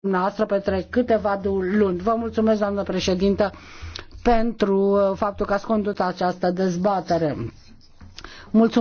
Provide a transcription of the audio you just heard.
noastră pentru câteva luni. Vă mulțumesc, doamnă președintă, pentru uh, faptul că ați condus această dezbatere. Mulțumesc.